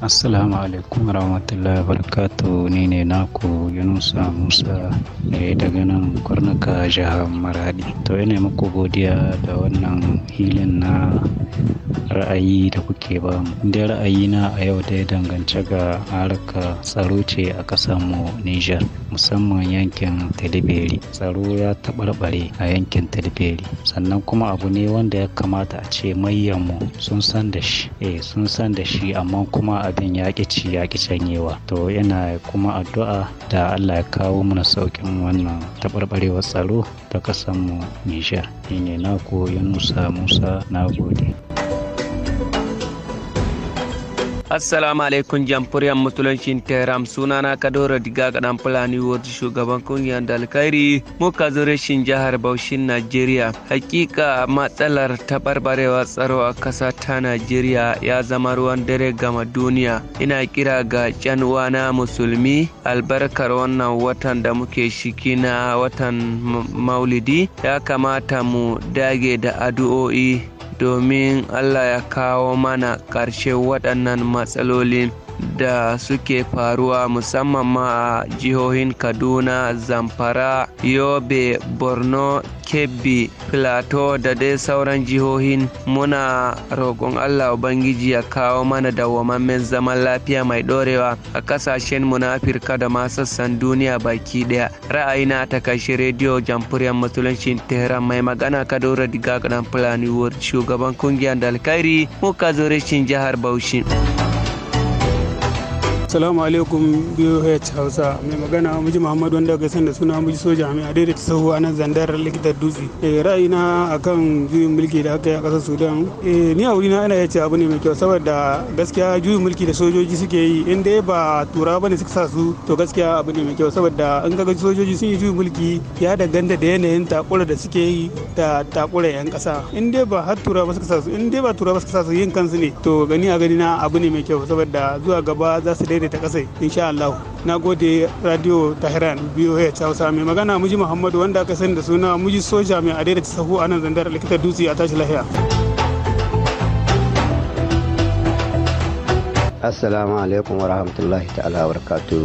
assalamu alaikum warahmatullahi wabarakatuh ni ne naku yunusa musa ne eh, daga nan kurnuka jihar maradi to ina muku godiya da wannan hilin na ra'ayi da kuke ba mu da ra'ayi na a yau da ya dangance ga harka tsaro ce a ƙasar mu niger musamman yankin taliberi tsaro ya taɓarɓare a yankin taliberi sannan kuma abu ne wanda ya kamata a ce mayyanmu sun san da shi eh sun san da shi amma kuma abin ya ci ya canyewa to yana kuma addu'a da allah ya kawo mana saukin wannan taɓarɓarewar tsaro ta ƙasanmu nijar shine ko yunusa musa na gode assalamu alaikum jamhuriyar musuluncin tehran sunana kadoro diga kadan fulani wadda shugaban kungiyar alkhairi, muka zo rashin jihar baushin najeriya hakika matsalar taɓarɓarewa tsaro a ƙasa ta najeriya ya zama ruwan dare gama duniya ina kira ga can na musulmi albarkar wannan watan da muke shiki na watan maulidi ya kamata mu dage da addu'o'i domin Allah ya kawo mana ƙarshe waɗannan matsalolin. da suke faruwa musamman ma a jihohin kaduna zamfara yobe borno kebbi plateau da dai sauran jihohin muna roƙon allah ubangiji ya kawo mana dawwamammen zaman lafiya mai dorewa a ƙasashen mu na afirka da ma sassan duniya baki ɗaya ra'ayina ta kashi rediyo jamfuriyar musulunci tehran mai magana kadoro diga kadan fulani shugaban kungiyar da alkhairi muka zo jihar bauchi. Assalamu alaikum BOH Hausa. Mai magana miji Muhammadu wanda ga da suna miji soja mai a daidaita sahu a nan zandar likitar dutse. Eh ra'ayina akan juyin mulki da aka yi a ƙasar Sudan. Eh ni a wurina ina yace abu ne mai kyau saboda gaskiya juyin mulki da sojoji suke yi in dai ba tura bane suka sa su to gaskiya abu ne mai kyau saboda in ga sojoji sun yi juyin mulki ya danganta da yanayin takura da suke yi da takura yan ƙasa. In dai ba har tura ba suka sa su in dai ba tura ba suka sa su yin kansu ne to gani a gani na abu ne mai kyau saboda zuwa gaba za su daidaita kasai insha Allah na gode radio biyo ya Hausa mai magana muji Muhammadu wanda aka sani da suna muji soja mai adaidaita sahu a nan zandar likita dutse a tashi lahiya assalamu alaikum wa rahmatullahi ta'ala wa warkatu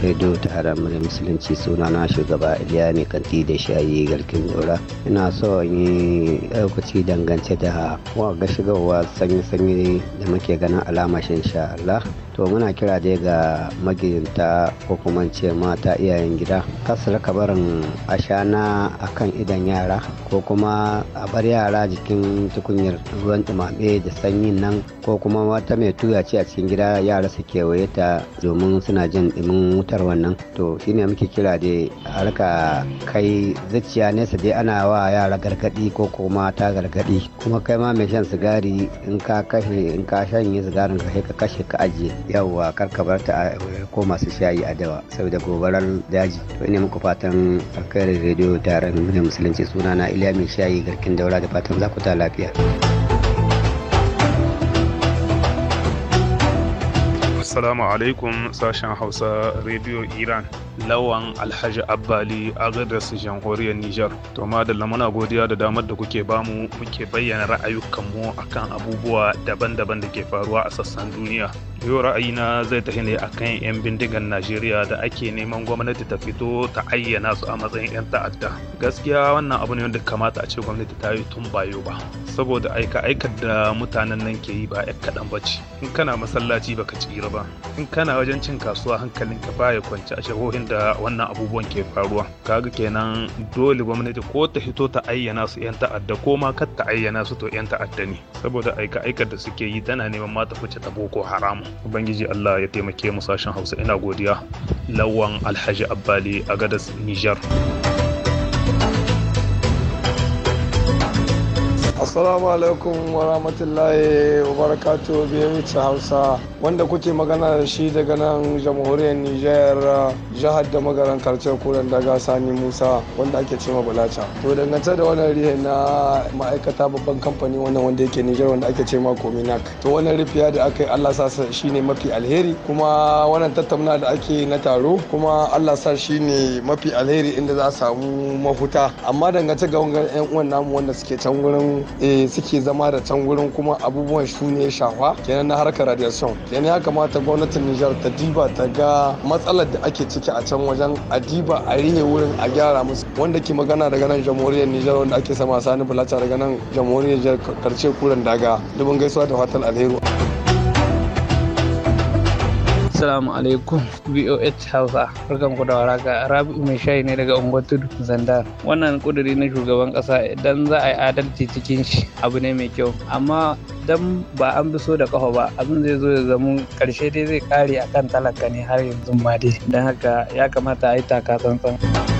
radio ta haramar musulunci suna na shugaba iliya ne kanti da shayi garkin jora ina so in yi lokaci dangance da ga shigarwa sanyi-sanyi da muke ganin alama shan Allah to muna kira dai ga magiyinta ko kuma ce mata iyayen gida kasar kabarin ashana a kan idan yara ko kuma a bar yara jikin tukunyar ruwan dumame da sanyin nan ko kuma wata mai tuya ce a cikin gida yara su kewaye ta domin suna jin dimin wutar wannan to shine muke kira dai harka kai zuciya nesa dai ana wa yara gargadi ko kuma ta gargadi kuma kai ma mai shan sigari in ka kashe in ka shanye sigarin ka sai ka kashe ka ajiye yawwa karka bar ta ko masu shayi a dawa saboda gobarar daji to ina muku fatan alkhairin rediyo taron musulunci sunana iliya mai shayi garkin daura da fatan za ku ta lafiya. assalamu alaikum sashen hausa radio iran lawan alhaji abbali agadas jamhuriyar Nijar. to da lamuna godiya da damar da kuke bamu muke bayyana ra'ayukanmu akan abubuwa daban-daban da ke faruwa a sassan duniya yau ra'ayi na zai tafi ne akan 'yan bindigan najeriya da ake neman gwamnati ta fito ta ayyana su a matsayin 'yan ta'adda gaskiya wannan abu ne wanda kamata a ce gwamnati ta yi tun bayo ba saboda aika aikar da mutanen nan ke yi ba 'yan kaɗan ba ce in kana masallaci baka tsira ba in kana wajen cin kasuwa hankalin ka baya kwance a shahohin da wannan abubuwan ke faruwa kaga kenan dole gwamnati ko ta hito ta ayyana su yan ta'adda ko ma kar ta ayyana su to yan ta'adda ne saboda aika aikar da suke yi tana neman mata fice ta boko haram ubangiji Allah ya taimake mu sashen Hausa ina godiya lawan Alhaji Abbali a gadas Niger assalamu alaikum wa rahmatullahi wa barakatu biyu hausa wanda kuke magana da shi daga nan jamhuriyar nijar jihar da magaran karcen kuren daga sani musa wanda ake ce Bulacha. to dangance da wannan rihe na ma'aikata babban kamfani wannan wanda yake nijar wanda ake ce ma kominak to wannan rufiya da aka yi allah sa shi ne mafi alheri kuma wannan tattauna da ake na taro kuma allah sa shi ne mafi alheri inda za a samu mafuta amma dangance ga wangan yan uwan namu wanda suke can wurin Eh, suke zama da can wurin kuma abubuwan su ne shafa kenan na harkar radiation kenan ya kamata gwamnatin Nijar ta diba ta ga matsalar da ake ciki a can wajen a diba a rihe wurin a gyara musu wanda ke magana daga nan jamhuriyar Nijar wanda ake sama sani bulata daga nan jamhuriyar Nijar karshe kuren daga dubin gaisuwa da fatan alheri. Assalamu alaikum BOH Hausa. Barkan ku da waraka. Rabi'u mai shayi ne daga Unguwar Tudu Zandar. Wannan kuduri na shugaban kasa idan za a yi adalci cikin shi abu ne mai kyau. Amma dan ba an bi so da kafa ba abin zai zo ya zamu karshe dai zai kare akan talaka ne har yanzu ma dai. Don haka ya kamata a yi taka tsantsan.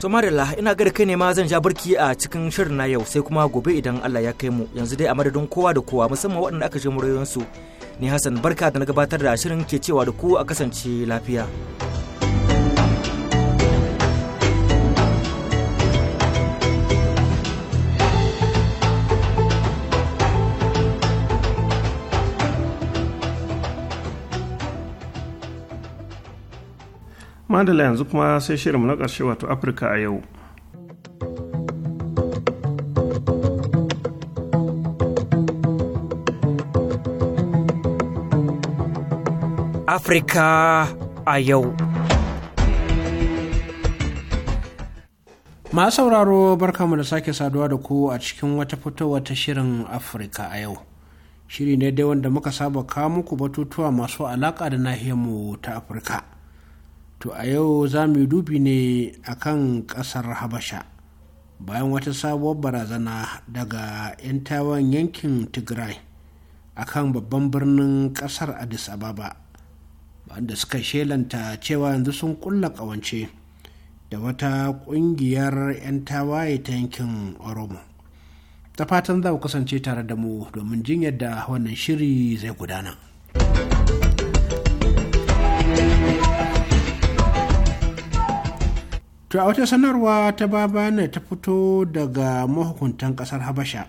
To Marilla ina ga kai ne ma zan ja barki a cikin shirin na yau sai kuma gobe idan Allah ya kai mu yanzu dai a madadin kowa da kowa musamman waɗanda aka je murayensu. ne Hassan barka da na gabatar da shirin ke cewa da ku a kasance lafiya. madala yanzu kuma sai shirinmu na ƙarshe wato afirka a yau afirka a yau masu sauraro barkamu da sake saduwa da ku a cikin wata fitowa ta shirin afirka a yau shiri ne dai wanda muka saba kawo muku batutuwa masu alaƙa da nahiyarmu ta afirka to a yau za mu dubi ne a kan ƙasar habasha bayan wata sabuwar barazana daga 'yan tawon yankin tigray a kan babban birnin ƙasar addis ababa wanda suka shelanta cewa yanzu sun kulla ƙawance da wata ƙungiyar 'yan tawaye ta yankin oromo ta fatan za ku kasance tare da mu domin jin yadda wannan shiri zai gudana. to a wata sanarwa ta Baba ne ta fito daga mahukuntan kasar habasha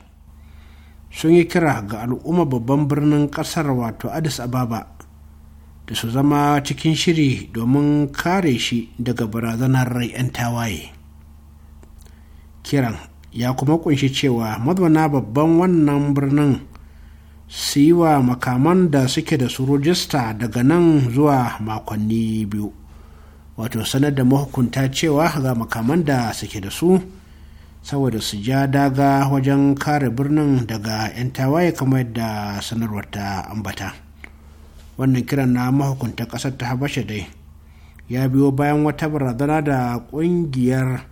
sun yi kira ga al'umma babban birnin kasar wato addis ababa da su zama cikin shiri domin kare shi daga barazanar rai 'yan tawaye kiran ya kuma kunshi cewa mazauna babban wannan birnin su yi wa makaman da suke da su rojista daga nan zuwa makonni biyu wato sanar da mahukunta cewa ga makaman da suke da su saboda su ja daga wajen kare birnin daga 'yan tawaye kamar yadda sanarwar ta ambata wannan kiran na mahukunta kasar ta habasha dai ya biyo bayan wata barazana da kungiyar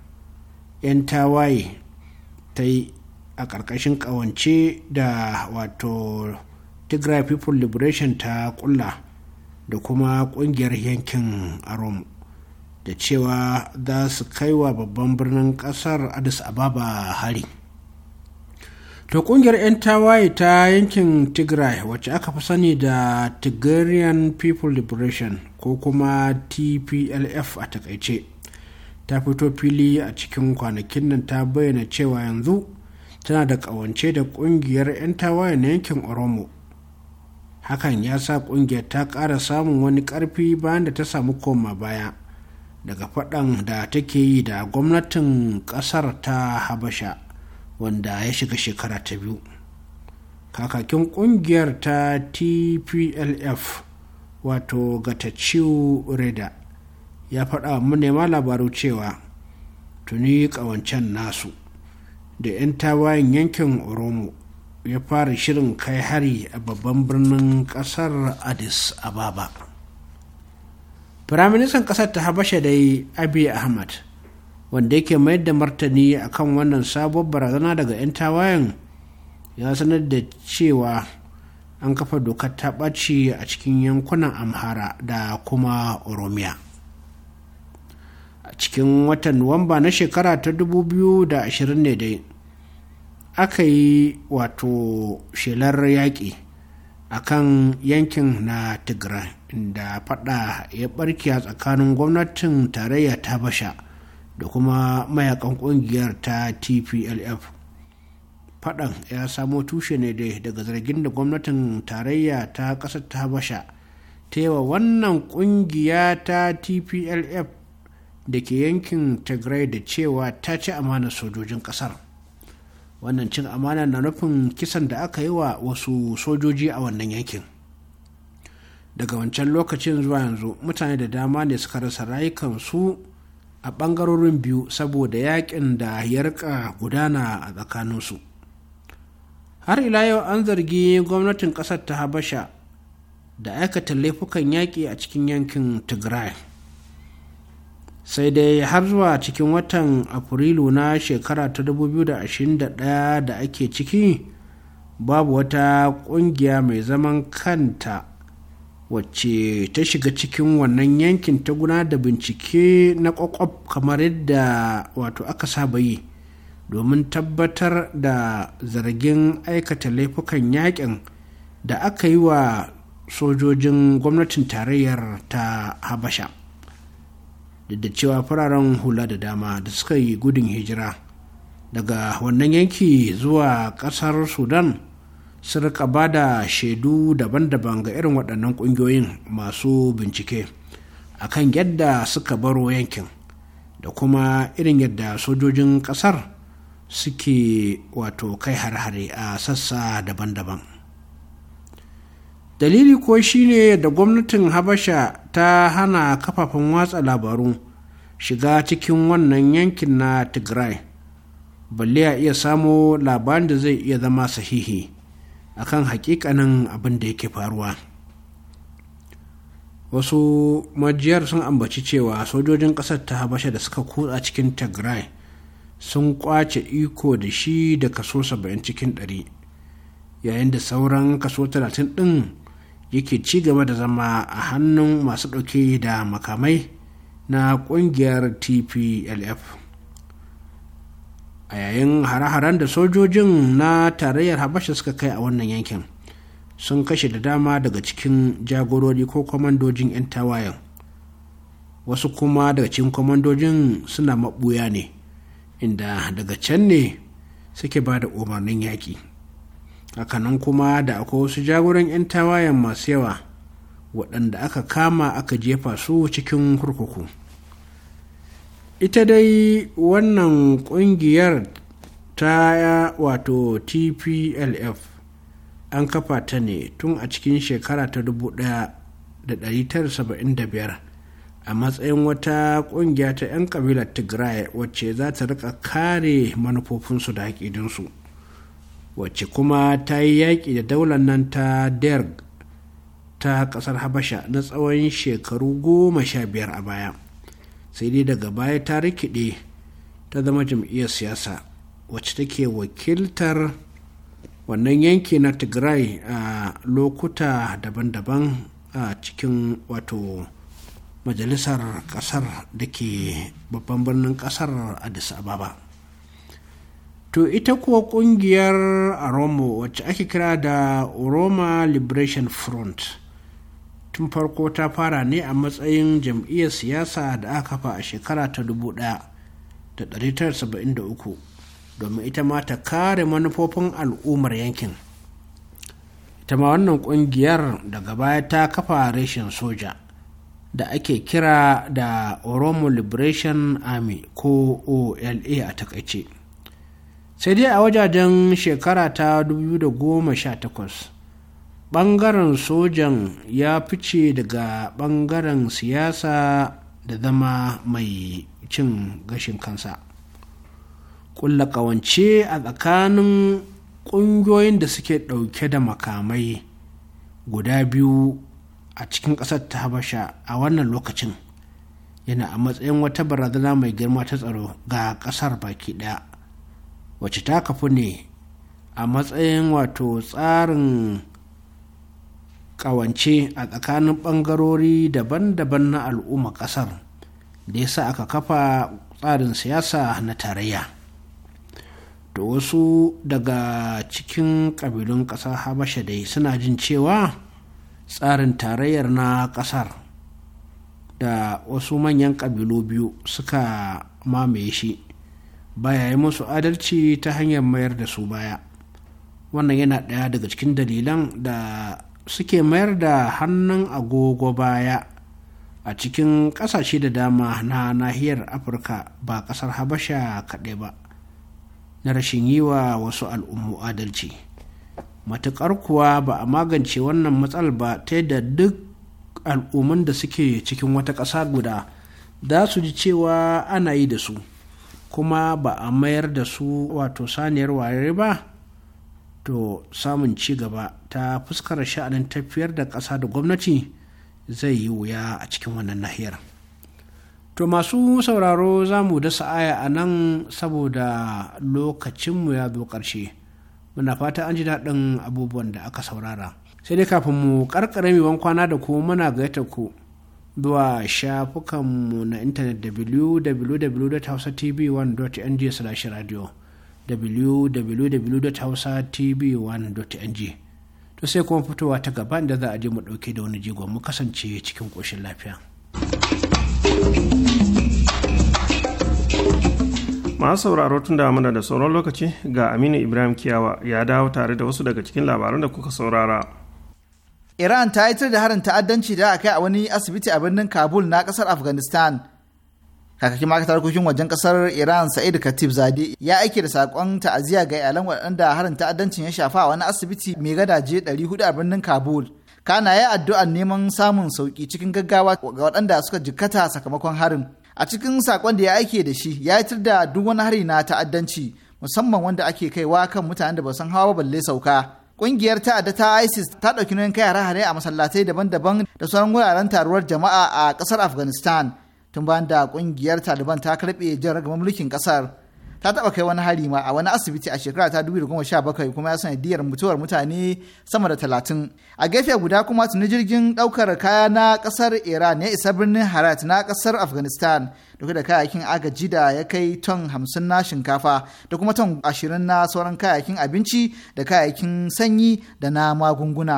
'yan tawaye ta yi a ƙarƙashin ƙawance da wato tigray people liberation ta kulla da kuma kungiyar yankin arom da cewa za su kai wa babban birnin kasar addis ababa hari to kungiyar 'yan tawaye ta yankin tigray wacce aka fi sani da tigrayan people liberation ko kuma tplf a takaice ta fito fili a cikin kwanakin nan ta bayyana cewa yanzu tana da kawance da kungiyar 'yan tawaye na yankin oromo hakan ya sa kungiyar ta ƙara samun wani ƙarfi bayan da ta samu koma baya daga faɗan da take yi da gwamnatin ƙasar ta habasha wanda ya shiga shekara ta biyu kakakin ƙungiyar ta tplf wato gataciw reda ya faɗa manema labaru cewa tuni ƙawancen nasu da 'yan tawayen yankin oromo ya fara shirin kai hari a babban birnin kasar addis ababa firaministan ƙasar ta habasha yi abiy ahmad wanda yake mayar da martani akan wannan sabuwar barazana daga 'yan tawayen ya sanar da cewa an kafa dokar ta ɓaci a cikin yankunan amhara da kuma oromiya a cikin watan nuwamba na shekara ta 2020 ne dai aka yi wato shelar yaƙi a kan yankin na tigray inda fada ya barke a tsakanin gwamnatin tarayya ta basha da kuma mayakan kungiyar ta tplf fadan ya samo tushe ne dai daga zargin da gwamnatin tarayya ta kasar ta basha ta yi wannan kungiya ta tplf da ke yankin tigray da cewa ta ci amanar sojojin kasar wannan cin amana na nufin kisan da aka yi wa wasu sojoji a wannan yankin. daga wancan lokacin zuwa yanzu mutane da dama ne suka rasa rayukansu a ɓangarorin biyu saboda yakin da ya rika gudana a tsakaninsu har ila yau an zargi gwamnatin ƙasar ta habasha da aikata laifukan yaƙi a cikin yankin tigray sai dai har zuwa cikin watan afrilu na shekara ta 2021 da ake ciki babu wata ƙungiya mai zaman kanta wacce ta shiga cikin wannan yankin ta guna da bincike na kwakwab kamar yadda wato aka saba yi domin tabbatar da zargin aikata laifukan yakin da aka yi wa sojojin gwamnatin tarayyar ta habasha duk da cewa fararen hula da dama da suka yi gudun hijira daga wannan yanki zuwa kasar sudan sun rika ba da shaidu daban-daban ga irin waɗannan ƙungiyoyin masu bincike a kan yadda suka baro yankin da kuma irin yadda sojojin ƙasar suke wato kai har-hare a sassa daban-daban dalili ko shine da gwamnatin habasha ta hana kafafen watsa labaru shiga cikin wannan yankin na tigray balle a iya samo labarin da zai iya zama sahihi a akan hakikanin abin da yake faruwa wasu majiyar sun ambaci cewa sojojin ƙasar ta habasha da suka kutsa cikin tigray sun kwace iko da shi da kaso 70 cikin 100 yayin da sauran kaso 30 ɗin yake ci gaba da zama a hannun masu ɗauke da makamai na ƙungiyar tplf a yayin hare-haren da sojojin na tarayyar habasha suka kai a wannan yankin sun kashe da dama daga cikin jagorori ko kwamandojin 'yan tawayen wasu kuma daga cikin kwamandojin suna maɓuya ne inda daga can ne suke ba da umarnin yaƙi hakanan kuma da akwai wasu jagoran 'yan tawayen masu yawa waɗanda aka kama aka jefa su cikin kurkuku ita dai wannan kungiyar ta wato tplf an kafa ta ne tun a cikin shekara ta 1975 a matsayin wata kungiya ta 'yan kabilar tigray wacce za ta rika kare manufofinsu da haƙidinsu wacce kuma ta yi yaƙi da daular nan ta derg ta ƙasar habasha na tsawon shekaru goma sha biyar a baya sai dai daga baya ta rikide ta zama jam'iyyar siyasa wacce take wakiltar wannan yanki na tigray a lokuta daban-daban a cikin wato majalisar kasar da ke babban birnin kasar addis ababa to ita kuwa kungiyar aromo wacce ake kira da Roma liberation front tun farko ta fara ne a matsayin jam'iyyar siyasa da aka kafa a shekara ta 1973 domin ita ma ta kare manufofin al'ummar yankin ita ma wannan kungiyar daga baya ta kafa reshen soja da ake kira da oromo liberation army ko ola a takaice sai dai a wajajen shekara ta 2018 ɓangaren sojan ya fice daga ɓangaren siyasa da zama mai cin gashin kansa ƙulla ƙawance a tsakanin ƙungiyoyin da suke ɗauke da makamai guda biyu a cikin ƙasar ta habasha a wannan lokacin yana a matsayin wata barazana mai girma ta tsaro ga ƙasar baki ɗaya wacce ta kafu ne a matsayin wato tsarin ƙawance a tsakanin ɓangarori daban-daban na al'umma ƙasar da yasa aka kafa tsarin siyasa na tarayya to wasu daga cikin ƙabilun ƙasar habasha dai suna jin cewa tsarin tarayyar na ƙasar da wasu manyan ƙabilu biyu suka mamaye shi baya yi musu adalci ta hanyar mayar da su baya wannan yana ɗaya daga cikin dalilan da suke mayar da hannun agogo baya a cikin ƙasashe da dama na nahiyar afirka ba ƙasar habasha kaɗai ba na rashin yi wa wasu al'ummu adalci matuƙar kuwa ba a magance wannan matsal ba ta da duk al'umman da suke cikin wata ƙasa guda za su ji cewa ana yi da su kuma ba a mayar da su wato saniyar ware ba to samun ci gaba ta fuskar sha'anin tafiyar da ƙasa da gwamnati zai yi wuya a cikin wannan nahiyar to masu sauraro za mu da sa'aya a nan saboda lokacinmu ya zo ƙarshe muna fata an ji daɗin abubuwan da aka saurara sai dai kafin mu ƙarƙare mai kwana da ku muna gayyata ku zuwa shafukanmu na intanet www.hausatv1.ng/radio www.hausatv1.ng to sai kuma fitowa ta gaba da za a je mu ɗauke da wani jigo mu kasance cikin ƙoshin lafiya. masu sauraro tun da muna da sauran lokaci ga aminu ibrahim kiyawa ya dawo tare da wasu daga cikin labaran da kuka saurara iran ta yi da harin ta'addanci da aka kai a wani asibiti a birnin kabul na kasar afghanistan kakakin ma'aikatar harkokin wajen kasar iran sa'id katib zade ya aike da sakon ta'aziyya ga iyalan waɗanda harin ta'addancin ya shafa a wani asibiti mai gadaje 400 a birnin kabul kana ya addu'an neman samun sauki cikin gaggawa ga waɗanda suka jikkata sakamakon harin a cikin sakon da ya aike da shi ya yi da duk wani hari na ta'addanci musamman wanda ake kaiwa kan mutanen da ba san hawa balle sauka Ƙungiyar ta'adda ta isis ta ɗauki nauyin kai hare-hare a masallatai daban-daban da sauran wuraren taruwar jama'a a ƙasar afghanistan tun bayan da kungiyar taliban ta karbe jan ragamar mulkin kasar ta taba kai wani hari ma a wani asibiti a shekara ta 2017 kuma ya sanadiyar mutuwar mutane sama da talatin. a gefe guda kuma tuni jirgin daukar kaya na kasar iran ya isa birnin harat na kasar afghanistan duk da kayakin agaji da ya kai ton hamsin na shinkafa da kuma ton ashirin na sauran kayakin abinci da kayakin sanyi da na magunguna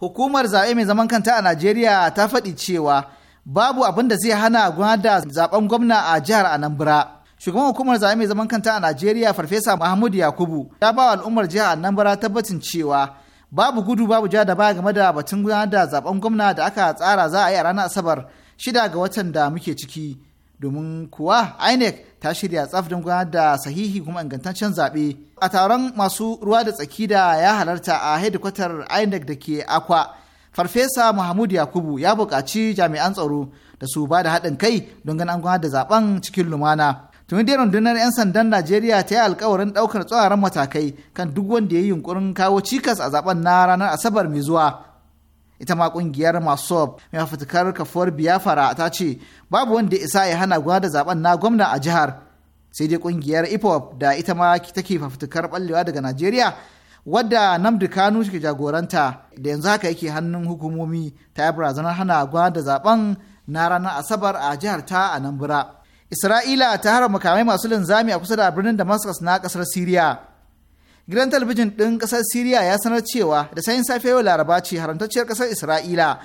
hukumar zaɓe mai zaman kanta a najeriya ta faɗi cewa babu abin da zai hana gwada zaben gwamna a jihar anambra shugaban hukumar zaɓe mai zaman kanta a najeriya farfesa mahmud yakubu ya ba al'ummar jihar anambra tabbacin cewa babu gudu babu ja da baya game da batun gwada da zaben gwamna da aka tsara za a yi a ranar asabar shida ga watan da muke ciki domin kuwa inec ta shirya tsaf don da sahihi kuma ingantaccen zaɓe a taron masu ruwa da tsaki da ya halarta a hedikwatar inec da ke akwa farfesa mahmud yakubu ya buƙaci jami'an tsaro da su ba da haɗin kai don ganin an gudanar da zaben cikin lumana tuni dai rundunar 'yan sandan najeriya ta yi alkawarin ɗaukar tsawaran matakai kan duk wanda ya yi yunkurin kawo cikas a zaben na ranar asabar mai zuwa ita ma kungiyar masu mai fitakar kafuwar biyafara ta ce babu wanda isa ya hana gudanar da zaben na gwamna a jihar sai dai kungiyar ipop da ita ma take fafutukar ɓallewa daga najeriya wadda namdi kanu shi jagoranta da yanzu haka yake hannun hukumomi ta yi barazanar hana gwana da zaben na ranar asabar a jihar ta a Nambura. isra'ila ta hara makamai masu linzami a kusa da birnin damascus na kasar siriya gidan talabijin ɗin kasar siriya ya sanar cewa da sayin safe yau laraba ce haramtacciyar kasar isra'ila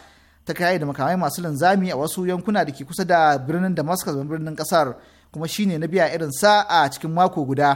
ta kai da makamai masu linzami a wasu yankuna da ke kusa da birnin damascus birnin kasar kuma shine na biya irin sa a cikin mako guda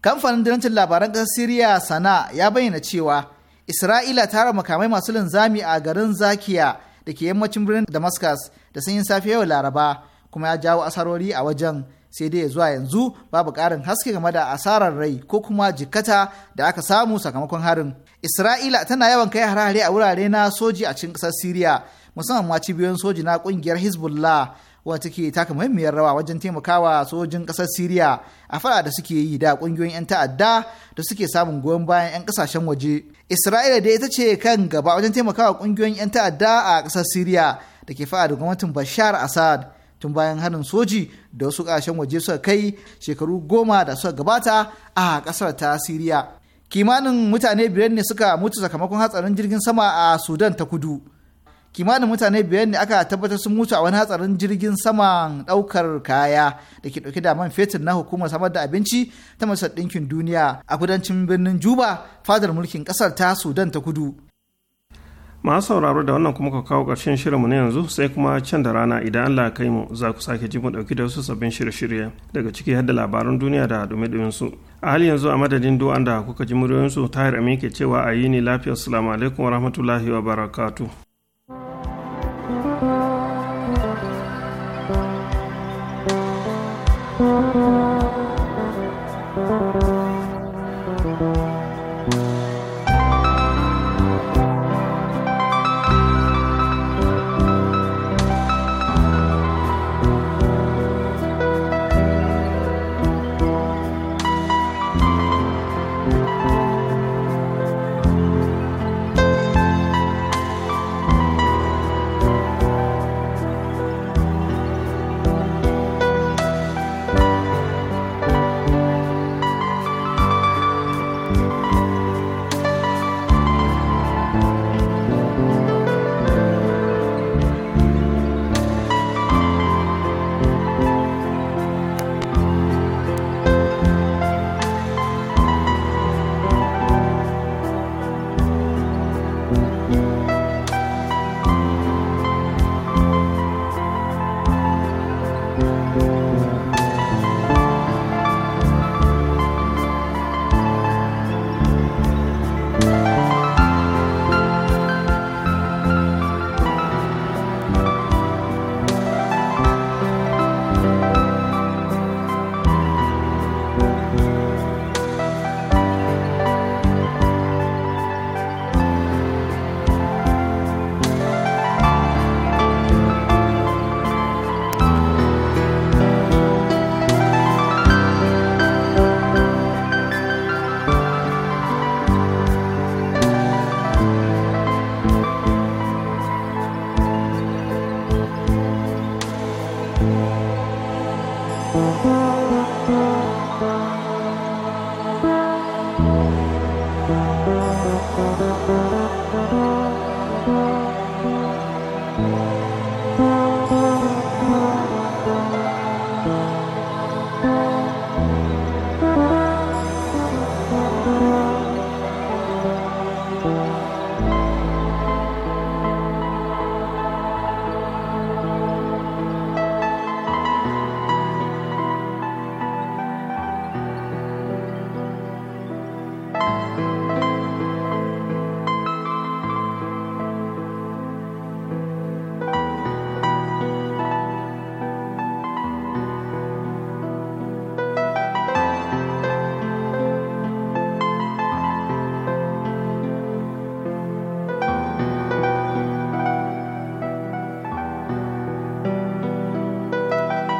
kamfanin dinancin labaran ƙasar siriya sana ya bayyana cewa isra'ila ta rama makamai masu linzami a garin zakiya da ke yammacin birnin damascus da sanyin safe yau laraba kuma ya jawo asarori a wajen sai dai zuwa yanzu babu ƙarin haske game da asarar rai ko kuma jikkata da aka samu sakamakon harin isra'ila tana yawan kai hare-hare a wurare na soji a cikin ƙasar siriya musamman ma cibiyoyin soji na ƙungiyar hezbollah wadda take taka muhimmiyar rawa wajen taimakawa sojin ƙasar Siriya a fara da suke yi da kungiyoyin 'yan ta'adda da suke samun goyon bayan 'yan kasashen waje. Isra'ila da ita ce kan gaba wajen taimakawa kungiyoyin 'yan ta'adda a kasar Siriya da ke fara da gwamnatin Bashar Assad tun bayan harin soji da wasu kasashen waje suka kai shekaru goma da suka gabata a kasar ta Siriya. Kimanin mutane biyar ne suka mutu sakamakon hatsarin jirgin sama a Sudan ta kudu. kimanin mutane biyar ne aka tabbatar sun mutu a wani hatsarin jirgin saman daukar kaya da ke dauke da man fetur na hukumar samar da abinci ta masar ɗinkin duniya a kudancin birnin juba fadar mulkin ƙasar ta sudan ta kudu masu sauraro da wannan kuma ka kawo ƙarshen shirinmu na yanzu sai kuma can da rana idan allah kai mu za ku sake ji mu ɗauki da wasu sabbin shirye-shirye daga ciki har da labaran duniya da dumi su a hali yanzu a madadin duwan da kuka ji ta tahir amin ke cewa a yi ni lafiya assalamu alaikum wa rahmatullahi wa barakatu.